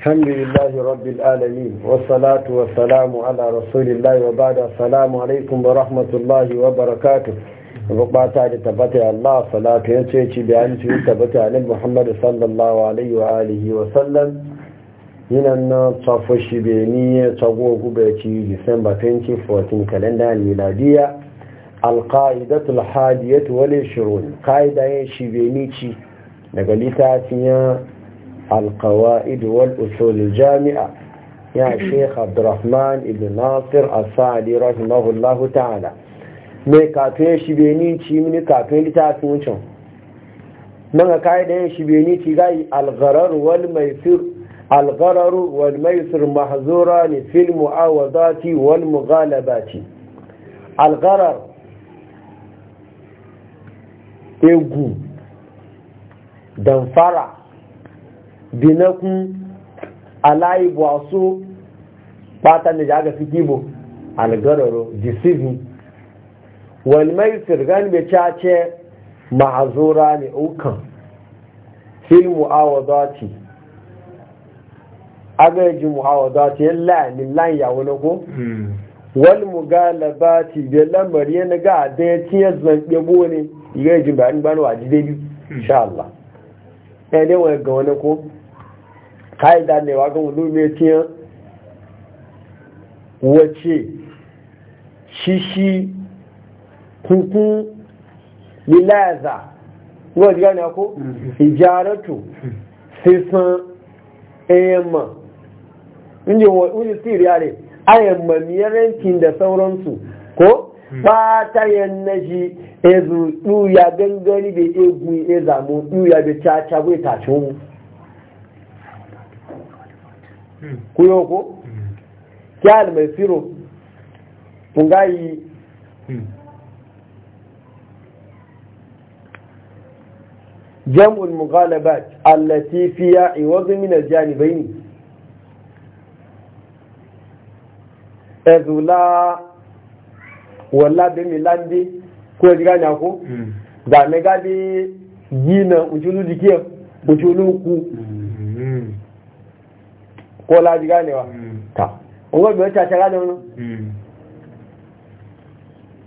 الحمد لله رب العالمين والصلاة والسلام على رسول الله وبعد السلام عليكم ورحمة الله وبركاته على تبتع الله صلاة ينسيتي بأن تبتع محمد صلى الله عليه وآله وسلم هنا نصف الشبينية تقوى قبعتي ديسمبر 2014 كالندا الميلادية القاعدة الحادية والعشرون قاعدة شبينيتي نقلتها القوائد والأصول الجامعة يا شيخ عبد الرحمن بن ناصر السعدي رحمه الله تعالى mai kafin shi beni ci mini kafin littafin wucin nan ka yi da shi beni ci gai algharar wal maisir algharar wal maisir mahzura ne fil mu'awadati wal mughalabati algharar egu damfara binakun alayi buwasu batan da jaga fi kibo algararo wani mai sirgan bai cace ma'azura ne ukan filmu awadati agaji muhawadati yin ni la'an ya wani ko hmm. wal mugalabati bai lamari yana ga da ya tiye zan ne ga jin bayan bani wajibi hmm. insha Allah ẹni wọn gan wọn kó káyidá ni wà gan olómi tiẹ́ wọ́ọ̀tì ṣíṣí kúnkún líláàzà wọ́n ti gánà kó ìjà arọ́tù sísan ẹ̀yẹ̀mọ̀ ní wọ́n ti ayẹ̀mọ̀ sauransu ko Mm. ba ta na shi e ya e e zo ya gangari da ya gu ya zamo ya ta caca bai tashi mu mm. ku yi yau ko? Mm. kyal mai siro ƙungayi jam’ul mughalabat allati fiya in wazo min aljanibai ne ezula wala be mi landi ko diga nya ko da mm. me ga di yina ujulu dikia ujulu ku mm. ko la diga wa mm. ta ngo be ta ta no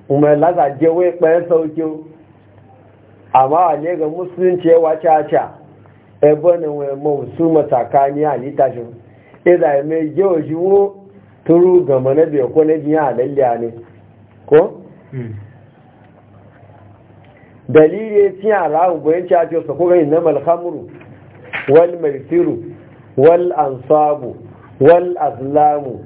umma la za je we pe so ki amma ne ga musulunci ya wace cha ebe ne we mo su matakani ali tashin ida e e me je ojiwo turu gama na be ko ne biya lalle ne ko hmm. dalili ya ci ala'un bayan ci ake wasu kogayin na malhamuru wal maisiru wal ansabu wal azlamu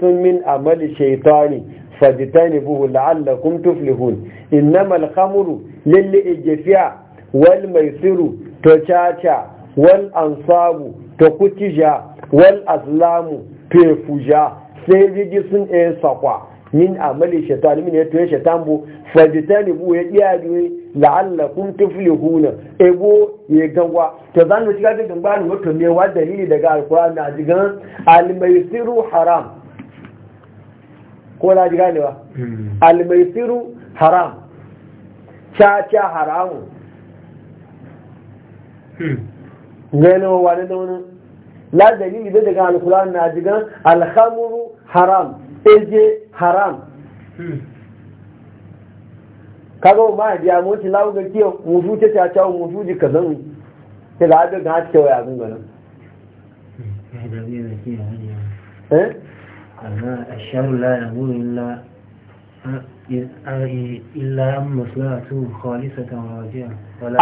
sun min amali shaitani Buhu, fajitanibuhu la'allakum tuflihun innamal khamru lil ijfi'a wal maisiru to caca wal ansabu to kutija wal azlamu to fuja sai sun ɗaya sakwa min amali shaitan min yato shaitan bu fajitani bu ya iya biyu la'allakum tuflihuna ego ya gangwa to zan mu shiga cikin bani wato ne wa dalili daga alqur'ani na jigan almaysiru haram ko la jiga ne ba hmm. almaysiru haram cha cha haramu hmm. gano wani da wani la dalili daga alqur'ani na jigan alhamru haram eje haram hmm. kaga ma biya mu lawo ga kiyo mu zuce ta ta mu zuci ka ke da abin ga ta waya gun hmm. ganan eh Allah asharu la illa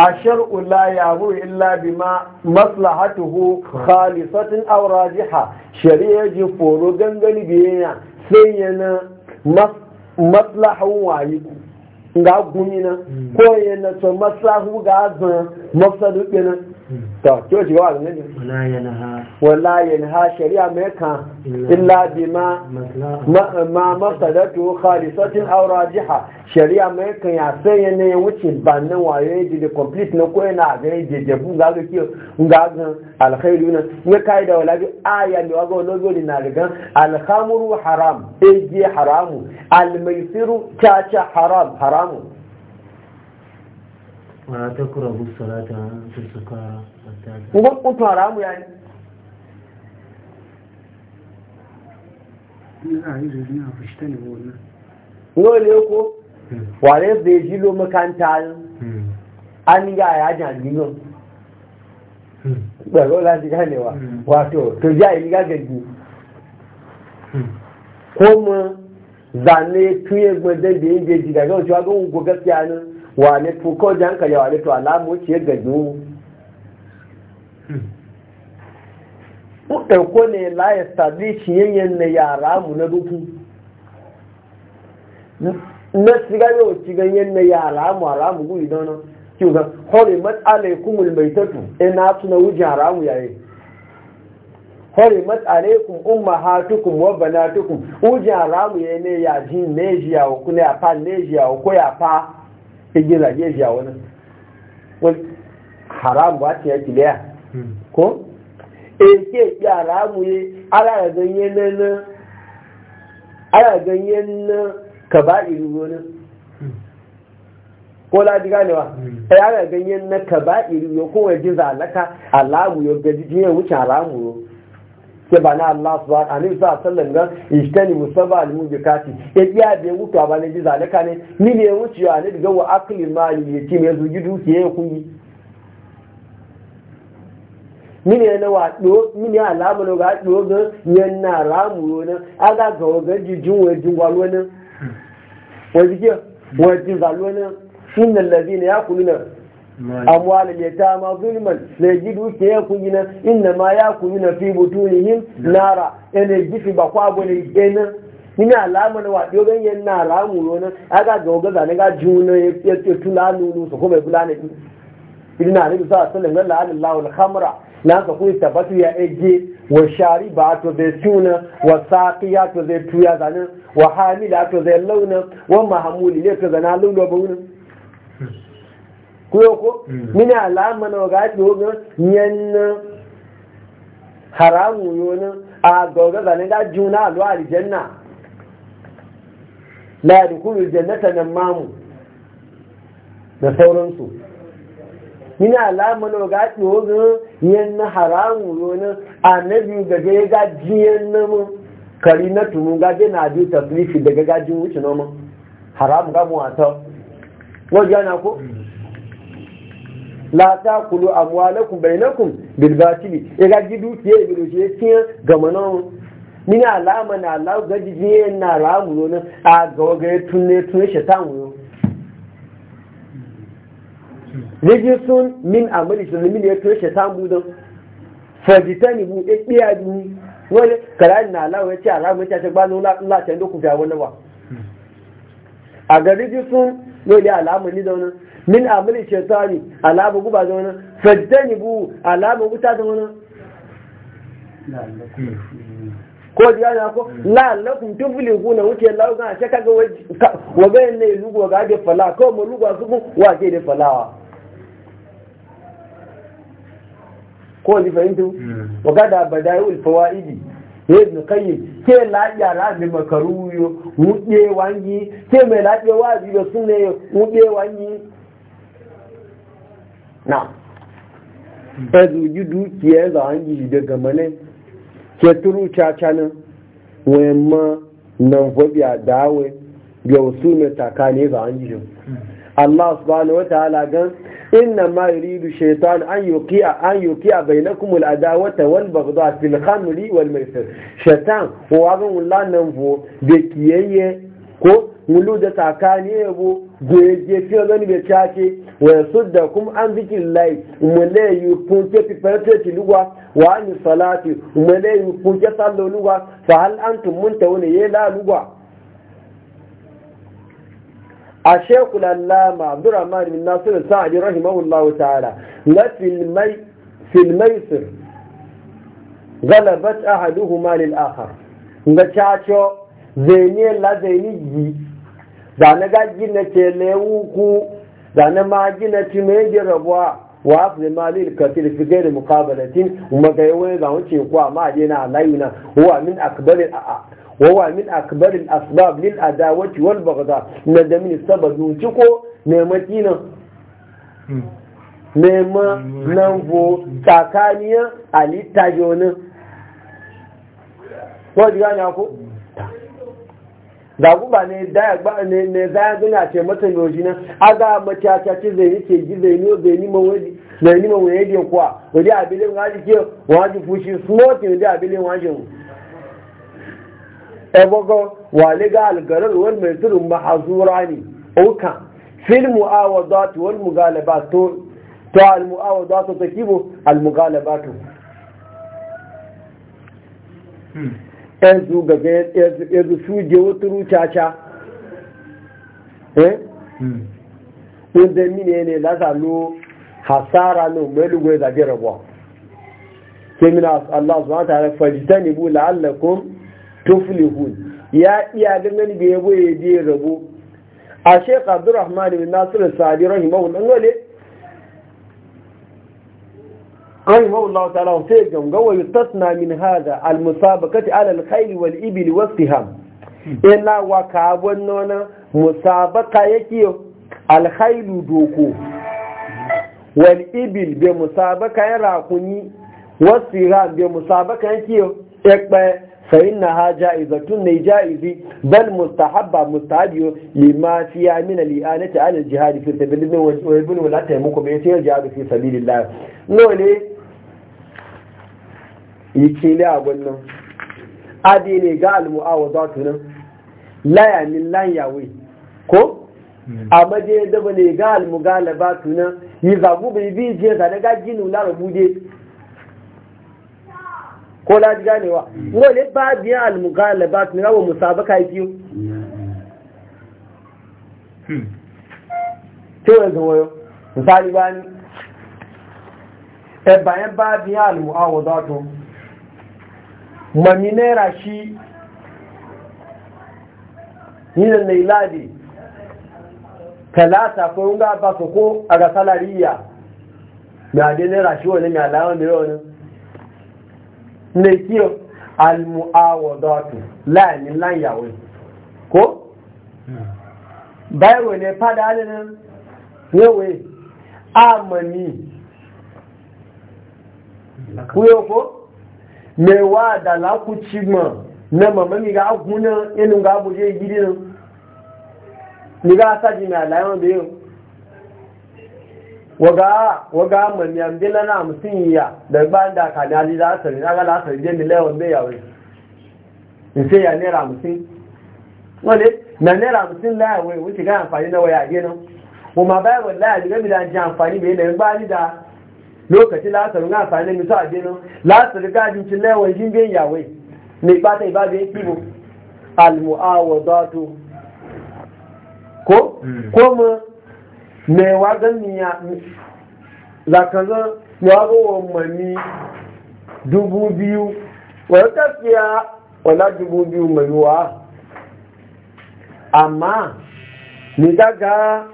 الشرع لا يعبو إلا بما مصلحته خالصة أو راجحة شريعة فورو دنجل بينا سينا مصلحة وعيد ga gumina ko yana to masahu ga azan mafsadu kenan to kyo ji wa nan wala yanha shari'a mai kan illa bima ma ma masadatu khalisatin aw rajiha shari'a mai kan ya sai ya ne wuce bannan waye ji da complete na ko yana ga je je bu ga ga ga ga alkhairu nan ya kai da wala bi aya ne wago logo ni na ga alkhamru haram eje haramu almaisiru cha cha haram haramu wala takrahu salata ko, hmm. jilo makanta hmm. an ga ya jami'in ɗaro lati wa? Hmm. wato to ja yi gagagi ko mu zane tuye gbọdọ da yin jeji daga wacewa ga ungo wane ko ka ya wane to alamu ce gajo ko ne la ya stabi ciyayen ya yara mu na duku na siga yau cigayen na yara mu a ramu gu idan no kiwo ga hori matsalai kumul mai tatu ina eh, suna wuce haramu yayi hori matsalai kum umma hatukum wa banatukum wuce haramu yayi ne ya jin ne jiya ko ne ya fa ne jiya ko ya fa ta gina zage ji a wani haram ba ta yaki daya hmm. ko e ke ya ramu ne ala ganye na na ka ba iri wani ko la ji ganewa ai ala ganye na ka ba iri yo ko waje hmm. eh, zalaka alamu yo gaji jiya wuce haramu yau. ke ba na Allah su ba a ne sa sallan ga ishtani musaba al mujikati e biya be wuto ba ne biza da kane ni ne wuce ya ne daga wa akli mali ya ci me zuji dukiye ya kungi ni ne na wa do ni ne alamu no ga do ga yan na ramu ne aga ga ga jijin wa jin wa lona wa jike wa ji za lona innal yaquluna amwal yatama zulman ne gidu ke ya kuyina inna ma ya kuyina fi butunihim nara ene gifi ba kwa alamu na wadio ganye na alamu lona aga goga zane ga juna ya tula nunu su kuma bula ne idan na nabi a alaihi wasallam la ilaha illa khamra na ka kuyi tabatu ya eje wa a to zai tuna wa saqiya to zai tuya zane wa hamila to zai launa wa mahmuli ne ka zana launa ba wurin hmm. kuyoko mina mm. alama mana ga ji ogun yan haramu na a gauga ne ga juna a luwa aljanna la yadkhulu jannata nan mamu da sauran su mina alama mana ga ji ogun yanna haramu yonin annabi ga ga ga jiyan mu kari na tumu ga ga na ji taflifi daga jin wuce nomu haram ga mu ata wajana ko mm. la ta kulu amwalakum bainakum bil batili e ga gidu ke e gidu ke tiyan gamanon ni ne alama na Allah ga jiye na ramu na a ga ga tunne tunne shaitan wo rijisun min amali sun min ya tunne shaitan budan fajitani bu e biya ni. wani karani na Allah ya ce alamu ya ce ba nuna Allah ta ndo ku ga wani ba a ga rijisun dole alamu ni da wannan min amali shaitani alama guba da wani faddani bu alama guta da wani ko da yana ko la'allakum tuflihuna wuce Allah ga shi kaga wa waga ne lugo ga da fala ko mu lugo su kun wa ke da falawa ko ni fahimtu hmm. waga da badaiul fawaidi ya ibn qayyim ke lafiya lafi makaru yo wuɗe wangi ke mai lafiya wazi da sunne wuɗe wangi na ba yi dukiyar da an yi daga mane ke turu caca nan wani ma nan fabiya dawe ga wasu ne takane da an yi Allah subhanahu wa ta'ala gan inna ma yuridu shaytan an yuqiya an yuqiya bainakum al-adawata wal baghdha fil khamri wal maisir shaytan wa gan wula nan vo de kiyeye ko mulu da takane bo goje fiye gani be cace wọ́n sọ da kuma an zikin lai umele yi kun ke fi fẹ́fẹ́ ti luwa wa fa hal an tun mun ta wani ye la luwa a shekul alama bura ma ni nasiru sa a jirar himawu lawo na filmai sir galabat a hadu na cacho zai ne la zai ni ji na gajin na dana ma gina ci mai ji rabuwa wa afirin malil da fi gani mukabalatin kuma ga yawon ga wuce kuwa ma je na layuna huwa min akabarin a'a huwa min akbarin asbab lil adawati wal bagda na da min sabab wuce ko nema kina nema nan bu tsakaniya ali tajonin ko ji gani da guba ne daya ba ne ne zaya gina ce mata yoji nan aga mata ta ce zai ni ce zai ni zai ni mawadi zai ni mawadi da kuwa wadi abilin waji ke waji fushi smoking wadi abilin waji ebogo wale ga algarar wal mai turun mahazura ne uka fil mu'awadat wal mugalabat to to al mu'awadat takibu al mugalabat hmm yanzu gaga yanzu suje wata rucaca eh hmm. wanda mini ne lasa lo hasara no melugo ya zabi rabuwa ke mina Allah zuwa ta da fajita ne bu la'allakun tuflihun ya iya gangani da yabo ya je rabo a shekha abdurrahman bin nasir sadi rahimahullah ne رحمه الله تعالى وسيجم قوى يستثنى من هذا المسابقة على الخيل والإبل والسهام إلا وكابنونا مسابقة يكي الخيل دوكو والإبل بمسابقة يراكني والسهام بمسابقة يكي فإن ها جائزة جائزة بل مستحبة مستعد لما فيها من الإعانة على الجهاد في سبيل الله ويبنوا لا تهموكم يتير الجهاد في سبيل الله نولي yi kele a wannan adi ne ga almu'awa za ta nan laya min lan yawe ko hmm. a maje daba ne ga almugala ba ta nan yi zagu bai bi je za na gaji nula rabuje ko laji ganewa wale hmm. ba biyan almugala ba ta nan wa musabaka biyu tí ó ẹ̀sùn wọ́yọ́ ba bá ní ẹ̀bà yẹn bá bí àlùmọ́ àwọ̀dọ́ tún mami naira shi yinan na iladi talata ko yin ga ba ko a ga salariya na dai naira shi wani mai alawan da yawon ne kiyo almu'awadatu la'anin lanyawai ko? báyẹ̀wò ní padà nínú níwé àmàní ko? mewa da lakuci ma e na mamman ga aguna inu ga abu je gidi nan ni ga saji mai alayon da yau waga waga mami ambila na musin ya da ban da ka na lida asari na ga lasari je mila yawan bai yawon in sai ya naira musin wale na naira musin laya wai wuce ga amfani na waya gina kuma bayan wallahi ga mi da ji amfani bai na ba ni da lokaci lasarin a sani misu a benin lasarin gajin cin laiwan jingin yawai mai bata ibada ya kibo almu'awadatu ko ko mu mai wagan niya zakaza wago mami dubu biyu wani tafiya wala dubu biyu mai wa amma ni daga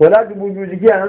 wala dubu biyu jikiya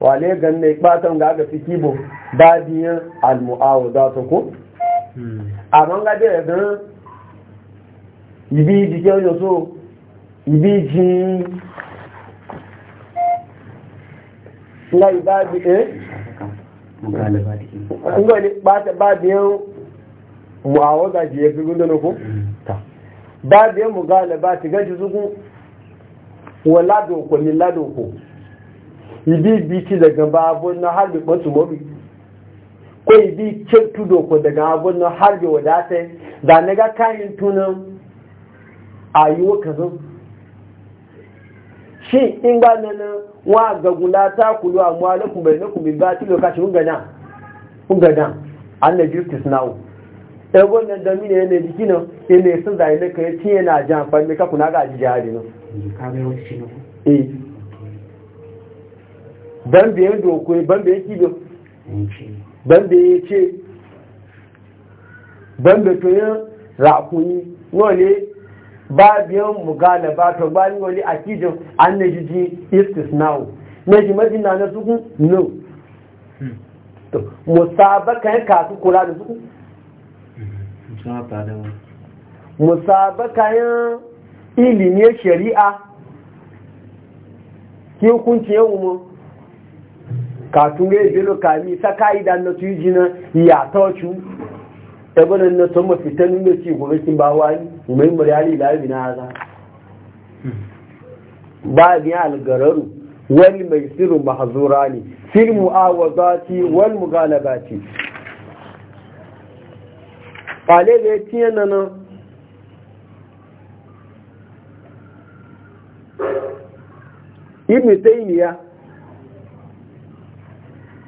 wale gan mai ɓatan ga aka fi kibo babiyan almu'awu za su ko amma ga dai ya ibi jikin yau ibi jin nga ibadi eh nga ni ɓata mu'awu za fi mu ti su ku wa ladoko ni ladoko ibi bi biti daga babun na harbi masu mobi ko ibi cin tudo ko daga abun na harbi wadata da na ga kayan tunan a yi wakazin shi in ba na nan wa ga gula ta kulu a muwalakun bai na kuma ba ti lokacin gana gana an na justice now ɗagon nan da mini yana jiki nan yana sun zai na kai ci yana jan fami kakuna ga ajiyar nan ban da ya dokoi ban da ya kido ban da ya ce ban da tuyin rakuni wani ba biyan mugala ba to ba ni wani akidin an na jiji istis now na ji maji na suku no musabaka ya kasu kula da suku musabaka ya ilimin shari'a ki hukunci yawon mu katunge belo kami saka idan na tuyi jina ya tochu ebonan na to fitan ne ci gobe kin ba wani mai muryali la bi na za hmm. ba ni algararu wal maisiru mahzurani fil muawadati wal mughalabati da be tiyana na ibn taymiya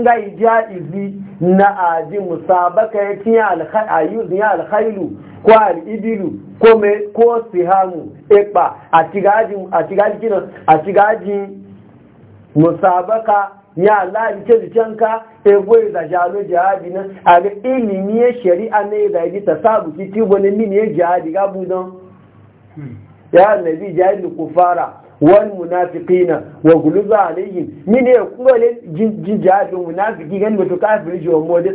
nga ja izi na aji musabaka ya tiya alkhairu ya alkhairu ko alibilu ko me ko sihamu epa atigaji atigaji kina atigaji musabaka ya la ce zuciyanka ego da jalo jihadi nan a ga ilimi ya shari'a ne da yi ta sabu ki tibo ne mini ya jihadi gabu don hmm. ya nabi jahil kufara wal munafiqina wa guluza alaihim min ya kuma le jihad munafiki gan mutu kafiri jo mo de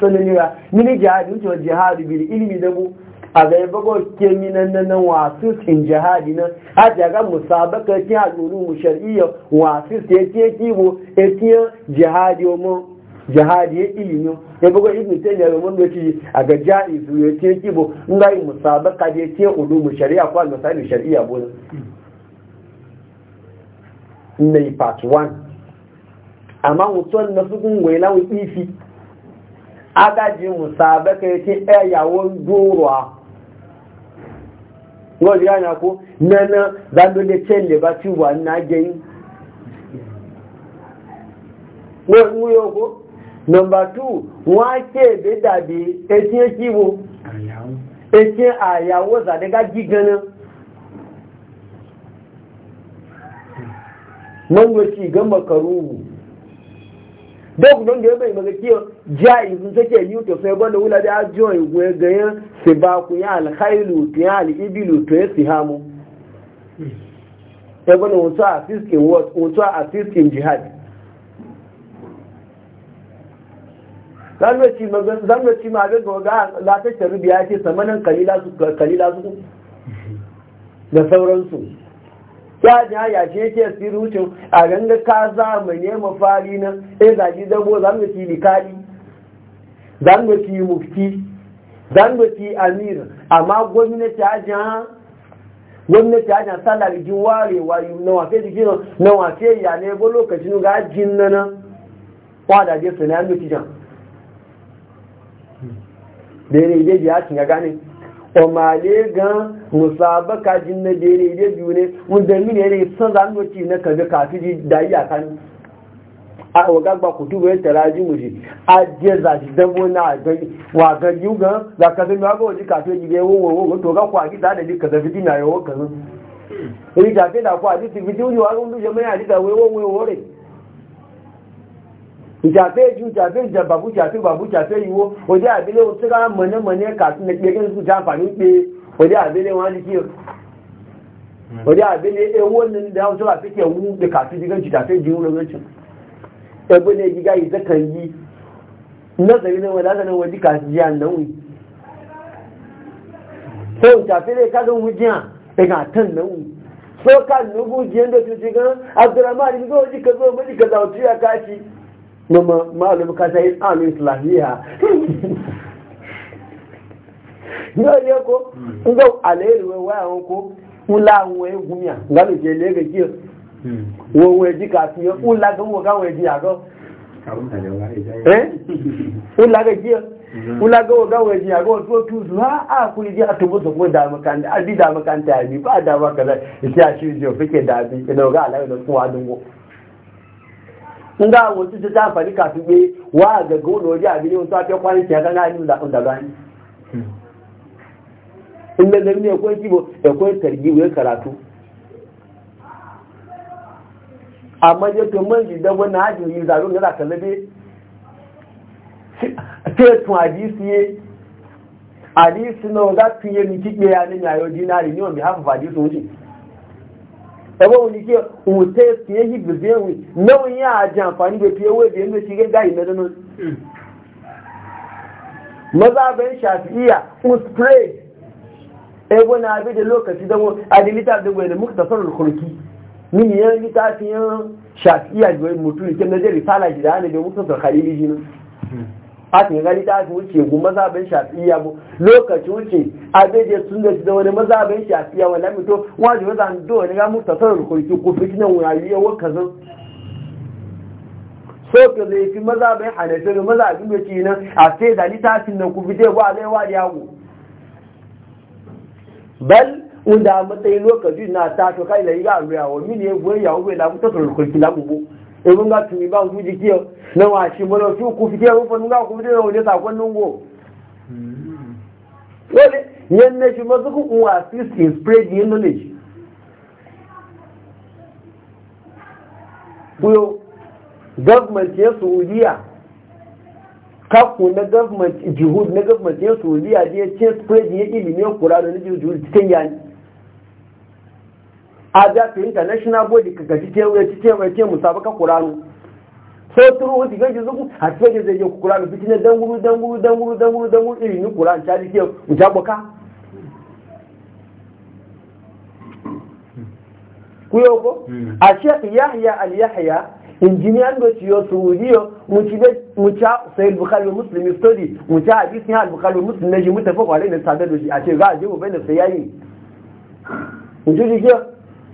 sanani ya min jihad to jihad bil ilmi da bu a ga bago ke minan nan wasu tin jihadi nan a daga musabaka ti haduru shar'iyya wasu te te kibo e ti jihadi mo jihadi ya ilimi ya bugu ibn taymiya da mun yace a ga jaizu ya ce kibo ngai musabaka da ya ce ulumu shari'a ko al-masail shari'a bo na yi part 1 amma mutum na sukun waila e wa ifi agaji musabaka ya ce yawon doruwa wọ́n rí àyà kó nẹ́nà dágbélé tẹ́lẹ̀ bá ti wà ní ajẹ́yìn wọ́n mú yóò kó nọmbà 2 wọ́n á ké èdè dàbí etí etí wo etí àyàwó zàdégá manwaci ga makaru dok don da ya bai maza kiyo ja'i sun sake yi to sai bane wula da ajiyo ya goye gayen sai ba ku ya alkhailu ta ya alibilu to ya sihamu sai bane wato a fiskin wato a fiskin jihad zanwaci zanwaci ma ga ga la ta sharubi ya ce samanan kalila su kalila su da sauransu ya ji haya shi yake sirutun a ganga ka zamani fari na eh zaji dabo za mu ci likali za mu ci mufti za mu ci amir amma gwamnati a ha gwamnati a jiha salari ji warewa yi na wafe jiki na wafe ya ne bo lokacin ga jin nana kwada je su jan yanzu kijan da ya ne ya gane omale gan musabaka jin na bere ide biyu ne wanda mini ne san zan wuce na kaga kafi ji dai a kan a waga gba ku tuba ya taraji mu ji a je za ji dan wona ga wa ga yu gan za ka zai ma ga ji kafi ji be wo wo to ga ku a ji da da ji ka zafi dina yo kan ri da fe da ku a ji ti bi ji wa ga ndu je mai a ji da we wo wo re ìjàfẹ́ ìjú ìjàfẹ́ ìjàbàbú ìjàfẹ́ ìbàbú ìjàfẹ́ ìwó òdí àbílẹ̀ ohun tí ká mọ̀nẹ́mọ̀nẹ́ kàtún ẹgbẹ́ ní ìjà àǹfààní pé òdí àbílẹ̀ wọn ní kí òdí àbílẹ̀ ewó ní ìdáhùn tó wà na kẹwú pé kàtún ìjìgá ìjàfẹ́ ìjú lọ́wọ́tún ẹgbẹ́ ní ìjìgá ìzẹ́kàn yìí nọ́sẹ̀rí ní wọn lásán wọn dí kàtún jẹ́ ànáwì tó ìjàfẹ́ lè ká lóhun jẹ́ ẹ̀gà àtàn náwì tó ká lóhun jẹ́ ń numa ma'alum kasa yin alu islamiyya yóò yẹ kó ngọ́ alẹ́ ìrìnwẹ̀ wáyàwó kó ńlá àwọn egun yà gbàmì jẹ lẹ́gẹ̀ kí wọ́n wọ́n ẹ̀dí kàfí yọ ńlá gan wọ́n káwọn ẹ̀dí àgọ́ ńlá gan kí káwọn ẹ̀dí àgọ́ tó tú zu ha a kú ìdí àbí ìdàmọ̀kàntà àbí bá àdàmọ̀kàntà ìṣe àṣírí dàbí ẹ̀nà ọ̀gá nga wasu ta tafari kafin gbe wa a biliyon su a fiye kwanin ciyar kan hannun da nke gani in da zami ne akwai kibo akwai targi karatu a ya to man ji dan wannan hajji yi zaro ga na ga fiye ni kibe ya ni ayo dinari ni on of hadisi ẹgbẹ́ òun ni kí òun tẹ́ fi èyí gbèsè ẹ̀wìn náà yẹn àjẹ àǹfààní gbèsè owó èdè ẹ̀mí ti gẹ́gà ìmẹ́dọ́nà mazabin shafi'iya uspray ebo na abi da lokaci don adilita da gwai kurki min yan littafin shafi'iya da mutum ke na gida haka gani ta fi wuce gu mazabin shafiya bu lokaci wuce abeje sun da da wani mazabin shafiya wala mito wajen wazan do ne ga muktasar rukunki ku fitinan ya wa kazan so ka zai fi mazabin hanafi da mazabin da ke nan a sai da littafin nan ku fite ba zai wa da yawo bal inda matsayin lokaci na ta to kai da yi ga ruwa wa mini ya goyi yawo bai lamu ta rukunki lamu bu ebun ga tumi ba ku jikiyo na wa shi mana su ku fike ku fa nga ku dena wani ta kon nungo wale yan ne shi ma zuku ku assist in spread the knowledge kuyo government ya Saudiya kakku na government jihud na government ya Saudiya da ya ce spread ya ilimin Qur'ani na jihud cikin yani aja to international body kaga cikin wai cikin wai cikin musabaka qur'ani sai turu wuti gaji zuku a cikin zai yi qur'ani cikin dan danguru, danguru, danguru, danguru, guru dan irin qur'ani ta dike mu ta boka kuyo ko hmm. a shek yahya al yahya injiniyan da ciyo suudiyo mu ca sai bukhari muslim study mu ca hadisi al bukhari muslim ne ji mutafa kwalai ne sadar da shi a ce za a je mu bayyana sai yayi mu ji ji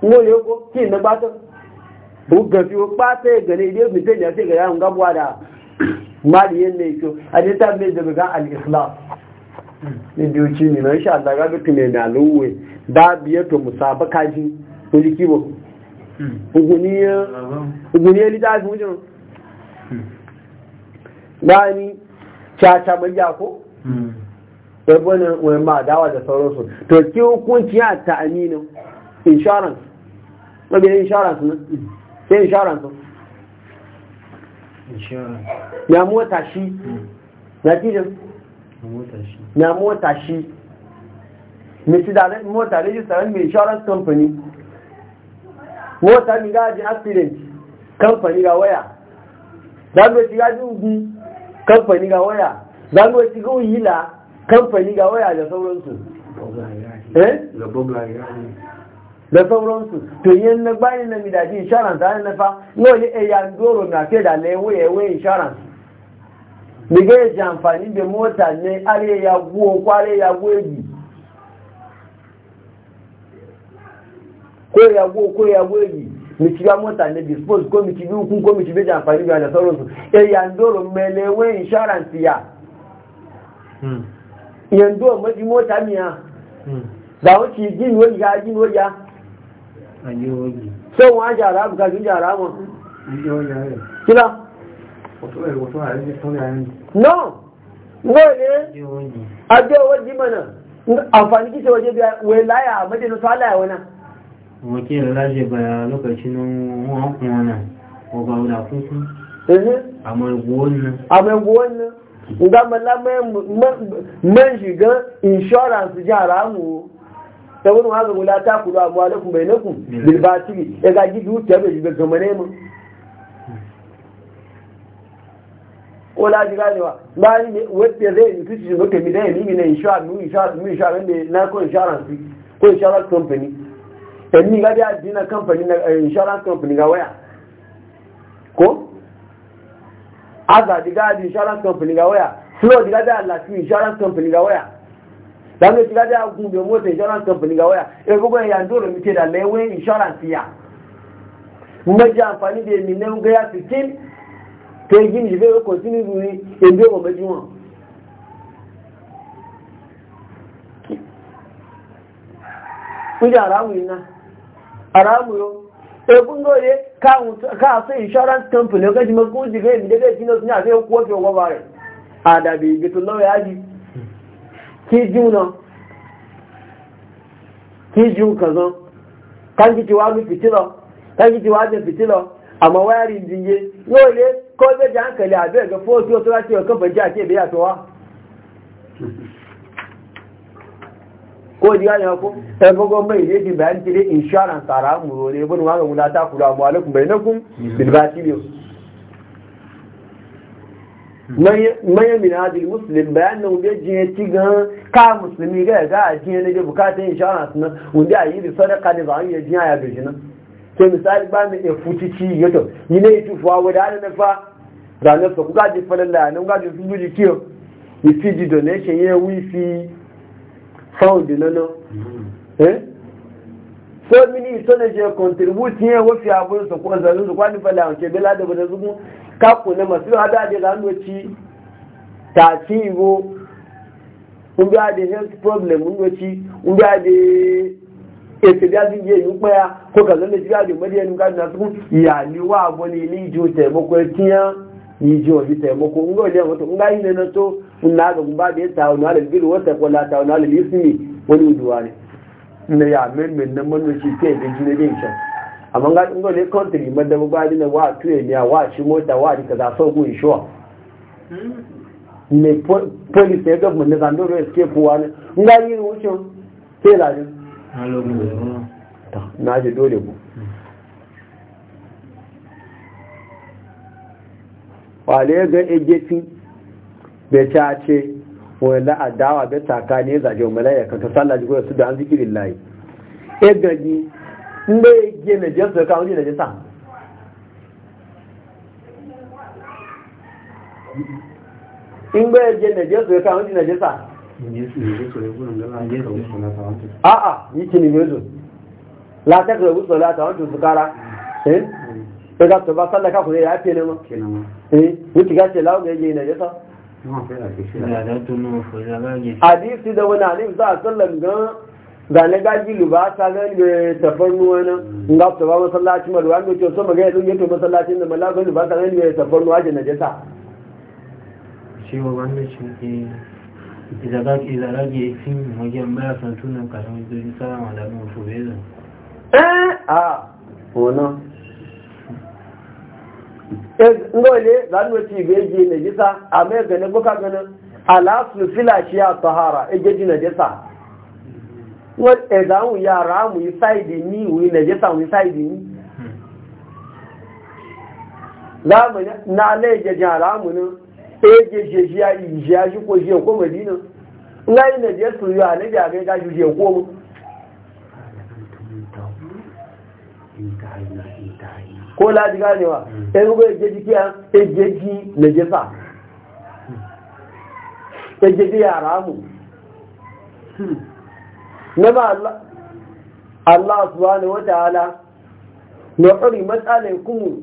ko wọ́n lè kó kí ìnà pátọ́ gbogbo pátọ́ ìgbẹ̀lẹ̀ ilé ìgbẹ̀lẹ̀ ìyàtí ìgbẹ̀lẹ̀ àwọn gabuwa da mali yin na ito a ji ta mai zabi gan al'islam Ni biyu ci ne na insha Allah gabi tume na lowe da biya to musaba kaji to ji kibo uguniyar littafi wujen gani caca mai jako ɗabbanin wani ma dawa da sauransu to ki hukunci ya ta aminin insurance wọ́n bẹ̀rẹ̀ insurance náà ṣe insurance na mota shi na kijin na mota shi mota registarar mai insurance company mota ni gajin accident company ga waya zangoci gajin ugu company ga waya zangoci ga uyila company ga waya da sauransu eh? da sauransu to yin na bayan na midaji insurance hannun na fa yau ne a yandoro na ke da na ewe ewe insurance diga ya ji amfani da mota ne are ya guo kware ya guo eji ko ya guo ko ya guo eji mitiga mota ne dispose ko mitibi hukun ko mitibi ji amfani da sauransu a yandoro mai na ewe insurance ya hmm. yandoro maji mota miya za wuce gini wani ya hmm. gini wani ya ṣé wọ́n á jẹ́ àrá bùkà jù jẹ́ àrá mọ̀ kí mana. náà wọ́n waje adé owó jí mọ̀nà àǹfààní kí ṣe wọ́n jẹ́ wẹ́ láyà mẹ́jẹ̀nú tó aláyà wọn náà wọ́n kí ẹ̀rọ láṣẹ bàyà lọ́kàṣínú wọn kún insurance ta wani haka wula ta kudu amma na kuma na ku bilbatiri ya e ga gidi wuce bai shiga gama ne mu ne wa. ganewa bayan wadda zai yi tuci shiga kami zai yi na insha mu insha mu insha wanda na ko insurance ko insurance company Ta e ni ga da dina company na eh, insurance company ga waya ko aza diga di insurance company ga waya flow diga da lafi insurance company ga waya zanu ti gaja gun be mota insurance company ga waya e ya ndoro mi te da insurance ya mmeja amfani de mi ne ga ya 15 te gini be ko continue ni e be o meji won kuja aramu ina aramu yo e bungo ye ka ka so insurance company oke ji magun ji ga mi de ga ni ase ko ya kíjú náà kíjú kazan kájíkí wá ní fìtílọ kájíkí wá ní fìtílọ àmọ́ wáyàrí ìdíye yóò lé kọ́ méjì àǹkẹ̀lẹ̀ àbẹ́ ẹ̀gẹ́ fún òtí òtí láti ọ̀kan fẹ̀jẹ́ àti èdè àtọ́ wá kó di ayọ̀ kú ẹgbọ́gbọ́ mọ́ ne ìdìbà ń tẹ́lẹ̀ insurance àrà mùrò rẹ̀ bọ́n wà lọ́wọ́ látàkùrọ̀ àmọ́ alẹ́kùnbẹ̀rẹ̀ náà kún bìlbà sílẹ̀ manyan minajin musulun bayan nan wunde jiye ci gan ka musulmi ga ya ga a jiye na je bukatun wunde a yi da sadaka da zan jiya ya gaji nan ke misali ba mai ya e ci yi ne ya tufuwa wadda ana nafa ranar ji su buji kiyo yi fi ji donation ya wi fi found na nan eh so mini so je contribute abun ko ke bela da bada zugun kakku na masu yau da zanoci ta ci igbo ń bí adé health problem ń lọ́tí ń bí adé ètò bí adé yẹ ìlú pẹ́yà kó kà lọ́lẹ̀ sí adé mọ́dé ẹnu káàdì náà fún ìyàlíwá àbọ̀ ní ilé ìjọ tẹ̀mọ́kọ́ ẹtíyàn ìjọ òbí tẹ̀mọ́kọ́ ń lọ́lẹ̀ àwọn tó ń gáyé lẹ́nu tó ń ná àgbàgbọ́n bá dé ta ọ̀nà alẹ́ bíi wọ́n tẹ̀kọ́ la ta ọ̀nà alẹ́ lẹ́sìn mi wọ́n ní ìdùwárẹ̀ ní amma ga in gole country man da ba dina wa tuye ne wa shi mota wa dika za so go insure me police ga mun da ndo escape wa ne nga yi wucin sai la ne na ji dole ku wale ga ejefi bai ta ce wanda adawa bai taka ne zaje malaya kan ka sallaji ko su da zikirin e in bai yi najiyar su kawo ne najisa in bai yi najiyar su kawo ne najisa a'a yi kini mezu latakar da wuce lata wancan su kara eh ga su ba sallaka ku ya fi nema eh wuce gace lawo ga yi najisa hadisi da wani alim za a sallan gan ga na gaji luba ta gani da tafarnuwa nan in ga ta ba masallacin maluwa ne ke so magana sun yato masallacin da malagan luba ta gani da tafarnuwa da najasa shi wa wannan shi ke izaraki izaraki fin wajen baya santunan kasan jirgin sauran wadanin fubezan eh a wannan ngole zanu ci beji najisa amma ga ne buka ganin ala sulfila shi a tahara ejeji najisa wọ́n ẹ̀dà àwọn yàrá àmù ìsáìdì ní ìwé nàìjẹ́sà àwọn ìsáìdì ní nálẹ́ ìjẹjẹ àrá àmù náà èjè ṣeṣe ìṣe aṣúkò ṣe ẹ̀kọ́ mẹ̀dí náà láì nàìjẹ́sù yọ àlẹ́bí àgẹ́gá ṣe ṣe a na ba Allah subhanahu wata'ala na hori matsalai kuma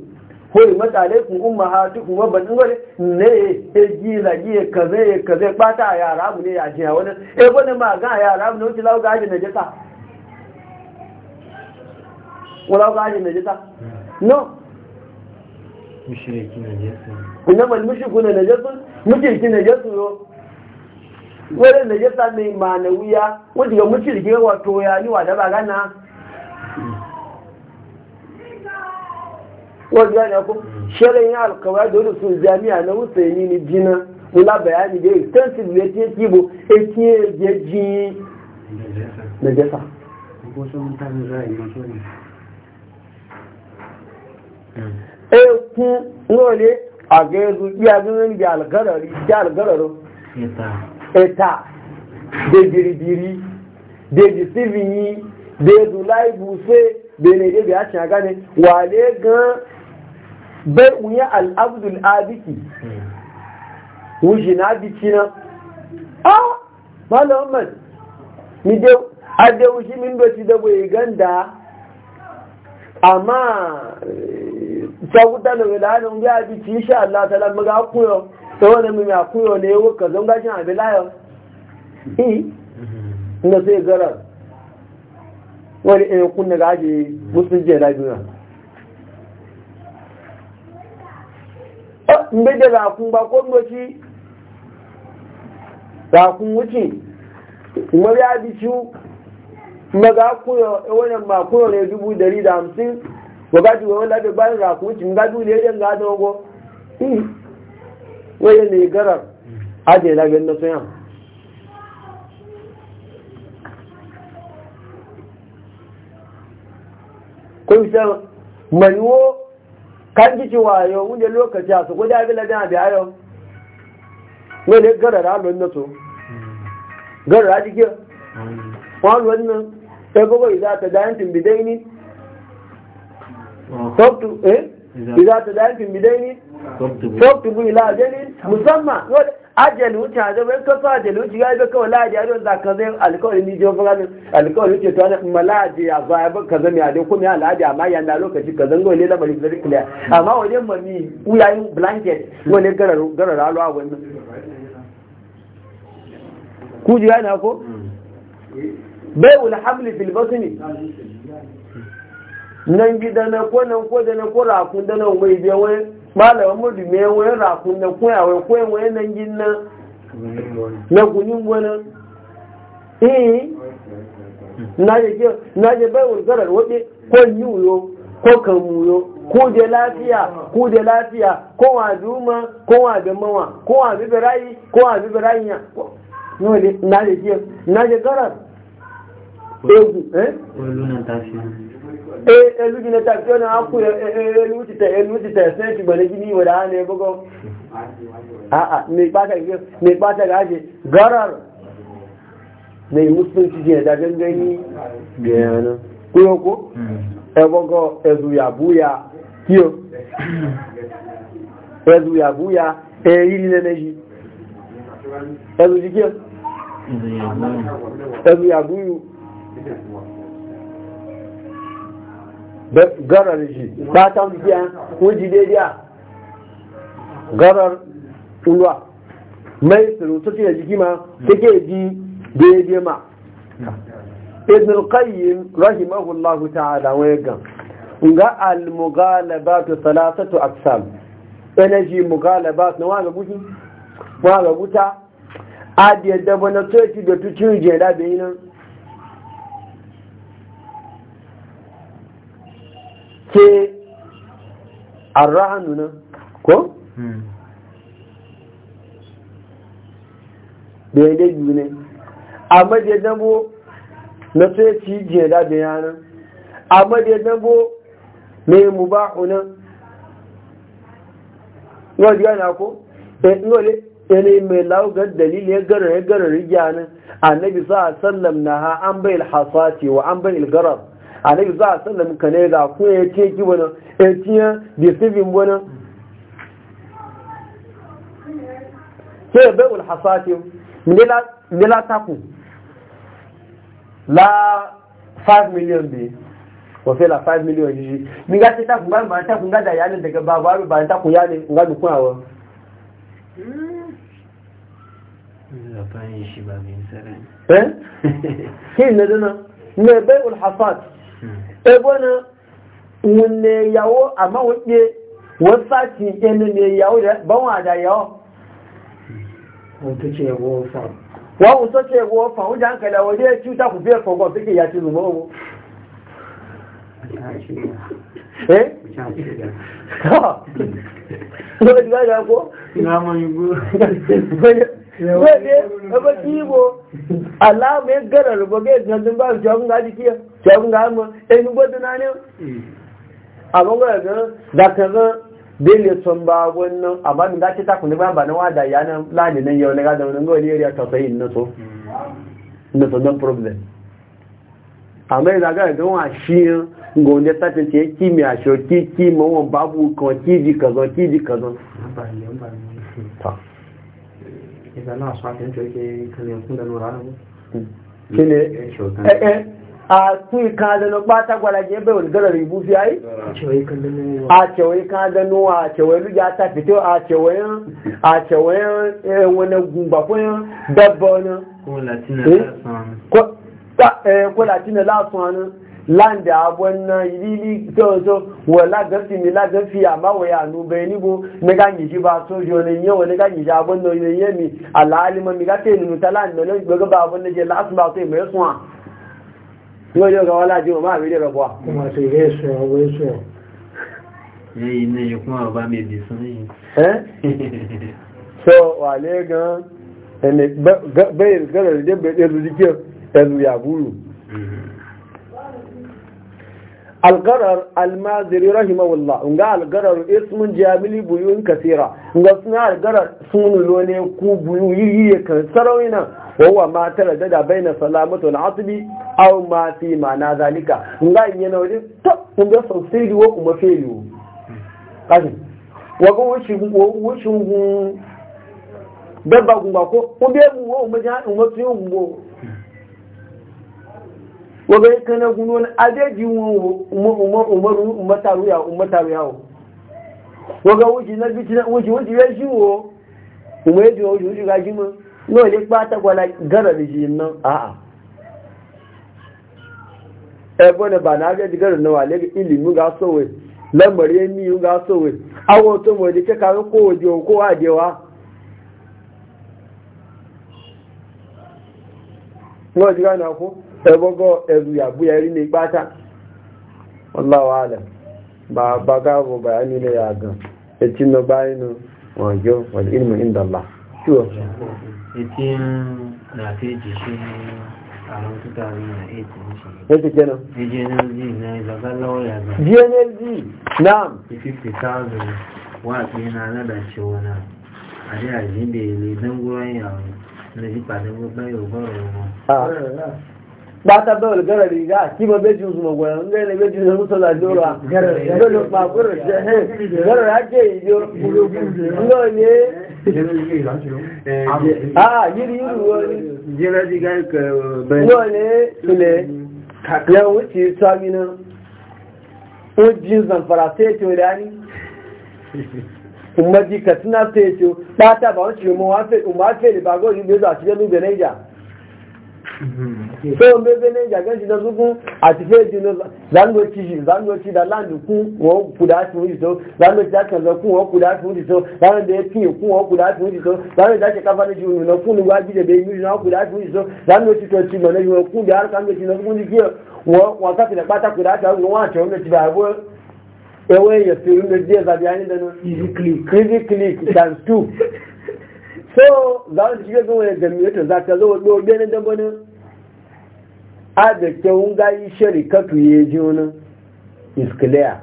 hori matsalai kuma, umma ha duk banin wani ne ya e, ji zagi ya e, kaze ya e, kaze ɓata a yara mu ne ya ji a wani e wani ma ga a yara mu ne wuce lauga ajin na jita lauga ajin na jisa no mushriki na jisa kuna mai mushriku na jisa mushriki na jisa yo wani da jasa mai wuya wadda ga mushirki wato ya yi wa da ba gana wadda ya ne ku shirin ya alkawai da wadda sun jami'a na husaini ni jina mula bayani da extensive ne ta yake bo ya yaji na jasa ekun nole a ga yanzu iya ganin da algarari ẹ̀ta dé biribiri dé dìsíbi yìí dé zulai buse bẹ̀rẹ̀ ẹ̀bẹ̀ àṣà gane wà lé gan bẹ́ wúnyẹ́ al'abdul abiki wùjì náà na ah malaman ni dé adéwùjì mi ń bẹ̀ ti dẹ́gbẹ̀ a, amma sáwúta lọ́wọ́ láàrin bí a bí ṣe allah ta lámọ́gá kúrò tsawon da mai akuyo ne yau ka zanga shi a bilayon inda sai garar wani ɗaya kunna ga aje musulun jiya na biyu in bai da zakun ba ko noci zakun wuce kuma ya bi ciwo kuma ga kuyo wani makuyo ne dubu dari da hamsin ga gaji wani labe bayan zakun wuce ga duniya yadda ga dogo wai ne garar ajiye lagin na sun yamma kun san manwo kan ji cewa yau wunde lokaci a su guda bi ladan e da ayo ne ne garara lon na so garara ji ke wani wannan sai gogo idan ta إذا تدعيتم بدين فاكتبوا إلى أجل مسمى أجل وجه هذا ويكفى أجل وجه قال بك ولا أجل وجه كذا الكون اللي جو فلان الكون وجه تانا ملاجي أصاب كذا يا دي كم يا لاجي أما ينالو كذي كذا نقول لي لا بلي بلي كلا أما يوم مني ويا يوم بلانكيت ولا كرر كرر على وين كوجي أنا أكو بيع الحمل في البطن nan gida na ko nan ko da na ko rakun da nan wai je wai wa mudu me wai rakun da ko ya wai ko wai nan gin na na gunin wani eh na je ke na je bai wurgarar wade ko yuyo ko kan muyo ko da lafiya ko da lafiya ko wa duma ko wa da mawa ko wa bibirai ko wa bibiraiya na je na je garar Egu, eh? Olu na eh elu eh, gina eh, eh, ta fiye na haku elu tita elu tita sai ki bane gini wa da hana ya bugo a'a mai bata mai bata gaje garar mai ezu hmm. ya ezu ya ne ezu ezu ya garar shi ba ta wuce yan ah. wuji daidai ah. garar ulwa mai surutu ce da jiki ma take ji daidai ma ibn al-qayyim rahimahullahu ta'ala wa ga ga al-mughalabatu thalathatu aqsam energy mughalabat na wa ga buki wa ga buta adiya da bana soki da tuci je da bayinan ke arrahanu nan ko? Hmm. da ya dai biyu ne amma da ya dabo na sai ci jiya da bayanan amma da ya dabo mai ba hunan yau jẹ́ na ko? ɗanole eh, yanayi eh, mai laugar dalilin ya garar ya garar rigya nan annabi sa sallam na ha an bayar hasashe wa an bayar garar alaihi za a sallam ka ne za ku ya ce ki wani ya ciye da sifin wani ke bai ulhasati nila taku la 5 million bi wafe la 5 million jiji min ga ce taku ba ba taku ga da yanin daga babu ba taku yanin ga dukun awon Zafayin hmm. shi ba mai sarari. Eh? Shi ne dana, mai bai Hmm. na wunne yawo amma wuɗe wasa ci ɗin ne yawo banwa da yawo wata ce yawo fa wawon so ce waje ya cuta ku fiye fogon suke ya ci zuma wede ebe ki igbo ala ma gara ruboge na ndị mba ji ọgụ ga adịkị ya ji ọgụ ga ama enugbo dị n'anya abụghị ga dakara dele tun ba wannan amma din da ke ta kun ba ba na wada ya nan lani nan yau na ga da wannan go ne area ta sai na so na so don problem amma idan ga ga wa shi go ne ta ce ki sho ki ki mo babu ko ki ki kine a kun da no bata gwala je be wani garar ibu fi ai a cewai ka da a cewai ruja ta fito a cewai a cewai wani gumba ko dabba wani ko latina la láǹdì àbọ̀ náà ìrírí tọ́ọ̀tọ́ wọ̀ lágẹ́fì mi lágẹ́fì àmáwẹ̀ ànúbẹ̀ níbo mẹ́gá yìí bá sójú ọ̀nà ìyẹn wọ̀ nígá yi àbọ̀ náà ilẹ̀ yẹn mi àlàálímọ̀ mi gáfẹ́ ìnùnú tálàǹdì náà gbẹ́gbẹ́ bá àbọ̀ náà jẹ́ lásùmọ̀ àti ìmẹ̀sùn à yóò yóò gawa láti wọ́n máa rí rẹ̀ bọ́ so wà lé gan ẹni bẹ́ẹ̀ gẹ́rẹ̀ ẹ̀rù yàgúrù algarar almaziri rahimahullah nga algarar ismun jamili buyun kasira nga suna algarar sunulo ne ku buyu yiri kan sarauna wawa ma da dada na salamatu al'atbi aw ma fi ma'ana zalika nga yi yana wani ta nga sosiri wa kuma felu kashi wago wushi wushi dabba gungwa ko kuma mu wo mu ja mu su gungo waga ya kana gunu wani adeji umaru ya umataru yawo waga wuce na bi tina wuce wuce ya shi wo kuma ya jiwa wuce wuce ga shi mun nawa ne ba gara da shi nan a. ebe ne ba na gaji gara nawa ne ga ilimin ga sowe lambari ya miyu ga sowe awon to mo de ke kawo ko waje ko ajewa nawa ji gane ko ẹgbọ́gọ́ ẹrù yàbúyà rí ní gbáta ọláwàádà bá gáàbò bàyá nílé àgàn etí ń lọgbá inú wọn jọ wọ̀lẹ̀ ìlú ìdàlá ṣíwọ̀ etí ń ràtí èjì ṣe ní àwọn tó na aládàṣe wọn àdé àjíǹde na jípa dángúrò báyìí ọgọ́rùn bata bawal gara riga ki ba beji su magwaya ne be beji su musu da jora gara bakur gara hake yi jor no ne a yiri yiri wani jira diga ka bai no ne tule ya wuce sami nan ojin zamfara sai ce wadani kuma ji katsina sai ce ba ta ba wani shi mu wafe ba ni gori bai zuwa da lube naija so mbebe ne jagan shi da sukun a tafiye jino zangoci shi zangoci da land kun wa kuda shi wuce so zangoci da kan kun wa kuda shi wuce so zanen da ya fiye kun wa kuda shi wuce so zanen da ake kafa da shi na kun wa gida bai yi na kuda shi wuce so zangoci to ci mana yi wa kun da har kan gaci na kun jike wa kafi da kpata kuda shi wuce wa ce wanda ci da abuwa ewe ya fiye da jiya zabi hanyar da nan easy click easy click so za su shiga gan wani jami'ata za ta zo wani obi ne da wani a da shari ga ya ji wani iskiliya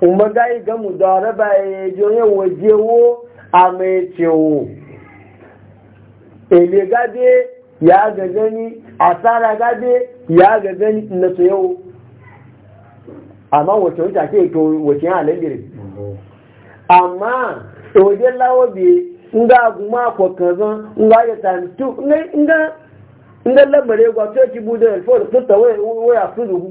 umar ga yi ga mu da raba ya ji wani waje wo a mai cewo ele gade ya ga gani asara gade ya ga gani na su yau amma wacce wuta ke wace yana lalire mm-hmm. amma òde láwọ́ bìí nga agùnmọ́ àpọ̀kàn gan nga yẹta ntú nga lẹ́mọ̀rẹ́ egwu àti bụ búdẹ̀ fọ́ọ̀lù tó tọ̀wé wẹ́ àfúrùwù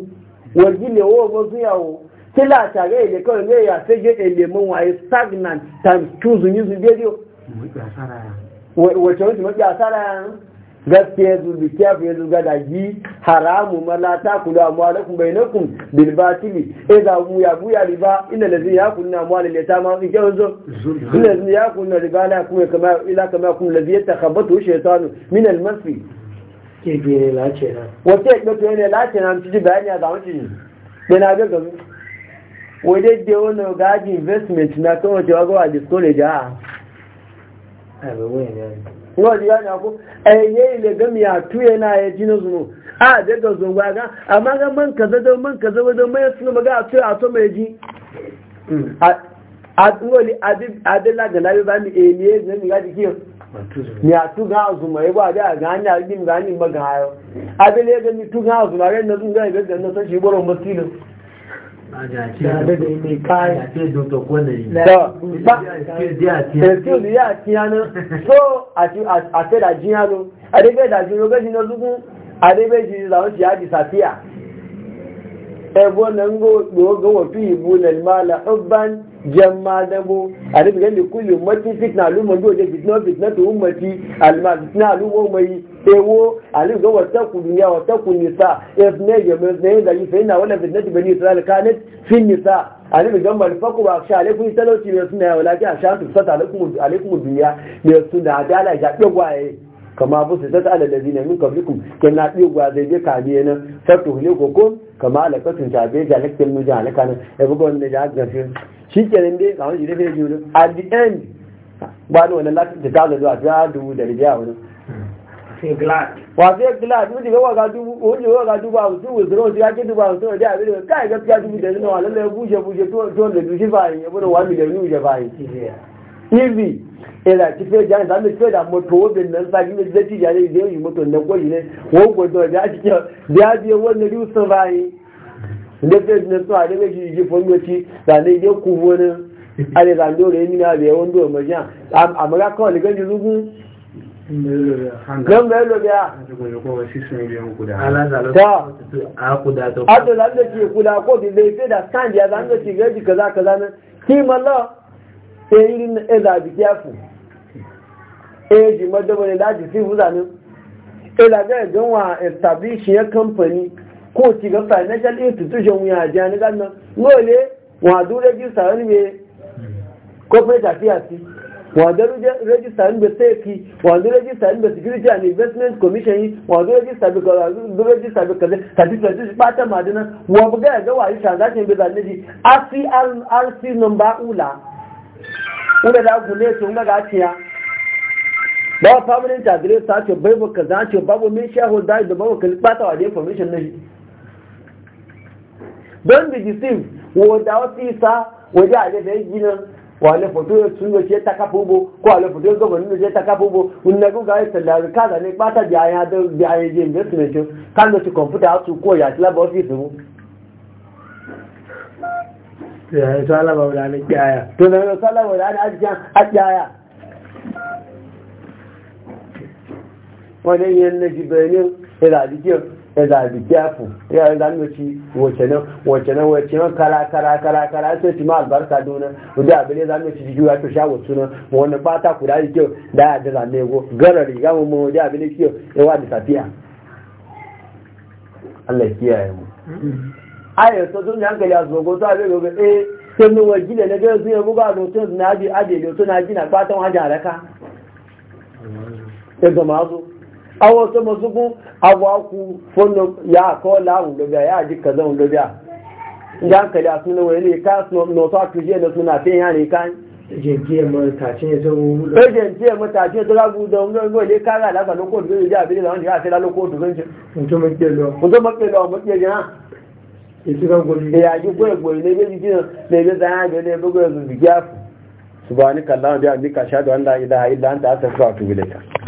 wọ́n jí lè wọ́ ọmọ fún yàwó tí látàrí èlé kọ́ ilé yà fẹ́jẹ́ èlé mọ́ wọn àyè stagnant times two zunyizu dédé wọ́n tí wọ́n ti mọ́ bí yà gaskiya yanzu bikiya fiye da gada ji haramu malata ku da amma da mala ta kula amwalakum bainakum bil batili idza eh, buya buya riba inna allazi yakunna amwalal ma in kyawu zo ya allazi yakunna riba la kuma kama ila kama kun allazi yatakhabatu shaytanu min al masfi ke bi ne la ce na wace ne to ne la ce na ci bayani a zaman ci ne na ga gazo wai dai da wannan gaji investment na kawai jawago a discourage a wọ́n ti yára kó ẹ̀yẹ ilẹ̀ gami àtúyẹ náà yẹ jínú zùnú àdẹ́gọ̀ zùnwó àgá àmága mọ́ nkàzẹ́dọ́ mọ́ nkàzẹ́dọ́ mọ́ ẹ̀sùn mọ́gá àtúyẹ àtọ́mọ̀ ẹ̀jí àtúwọ̀lì adélagànlá bí bá ní èmi ẹ̀sùn ẹ̀mí tare da mai kayan da ba ẹ̀sùn yà tí a ná tó àti àfẹ́dàjí yà ló adébẹ́dàjí rogéjì náà lúgún adébẹ́jì làwọn ti àjì sàfíà ẹ̀bọ́ na ń gbogbo wọ̀fí ìbú nàìjíríà ọgbán jẹma dẹ́gbó adébẹ́gẹ́ lè kúlù mọ́tí fitna alúmọ̀dé òjò fitna fitna ewo alifu ga wataku duniya wataku nisa ibn yamin ne ina wala fi nati bani isra'il kanat fi nisa alifu ga malfaku ba sha alaikum talauci ne suna wala ki asha sata alaikum duniya ne suna dala ja kama bu su tata ala lazina min kablikum kana dogwa zai je kaje kokon kama da lakin mu ja alaka nan e bugo ne ja gafi shikenan dai kawai jire fe jiro at the end ba ne da wasu ya glad mutu a mutu ya da wani ni izi ila ti fe jan zan fe da moto wo bin nan sa gina da ti yi moto na ko ne wo ko do da ti da bi wannan ri usan ne wani gan mai lobiya ta ado da da ke kula ko bi bai fi da stand ya zanga ci gaji kaza kaza nan kima la e yi na eza bi kyafu e ji madaba ne laji fi huzanin e da ga gan e wa establish ya company ko ci ga financial institution ya ja ni gan nan ngole wa du register kofin tafiya affairs wanda rajista da safi wanda rajista da security and investment commission yi wanda rajista da wanda rajista da kaza certificate shi bata madina wa buga ga wayi transaction bi zanne ji RC number ula ula da ku ne tun ga ciya ba permanent address ta ce bai ba kaza ce babu min shareholder da babu kan bata wa information ne don bi jisim wo da wasu isa waje a da yin wale foto sun da ce ta kafa ko wale foto gwamnati da ce ta kafa ubo unna kaza ne bata da ya da da je kan da su computer su ko ya tla ba office mu ya sala ba da ne kaya to na sala ba da ne ajiya ajiya wannan yan naji bayanin ila ya zabi kyafu ya yi zanen ci wacenan wacenan wacenan kara kara kara kara sai ci ma albarka dona wanda abin ya jiki wato sha wasu nan wani fata kyau da ya da zanen go gara riga mu mu ya wa da Allah kiyaye hankali a zogo eh sai mu waji da na ga sun buga ba rotun na ji na gina, fatan ya zama zo A sama suku agwaku fono ya ko lawun da ya ji kaza un da ya ka da suna wani ne ka suna no ta tuje da suna fe ya ne kan jeje mutace zo jeje mutace zo rabu da un go le ka ga la ga loko da ya bi da wanda ya sai la loko to zanje mutum ke lo mutum ke lo ya itikan gobe da ya ko goye goye ne bai ji ya bai zaya ga ne bai goye zubi gafu subhanaka allahumma bihamdika ashhadu an la ilaha illa anta astaghfiruka wa atubu ilayk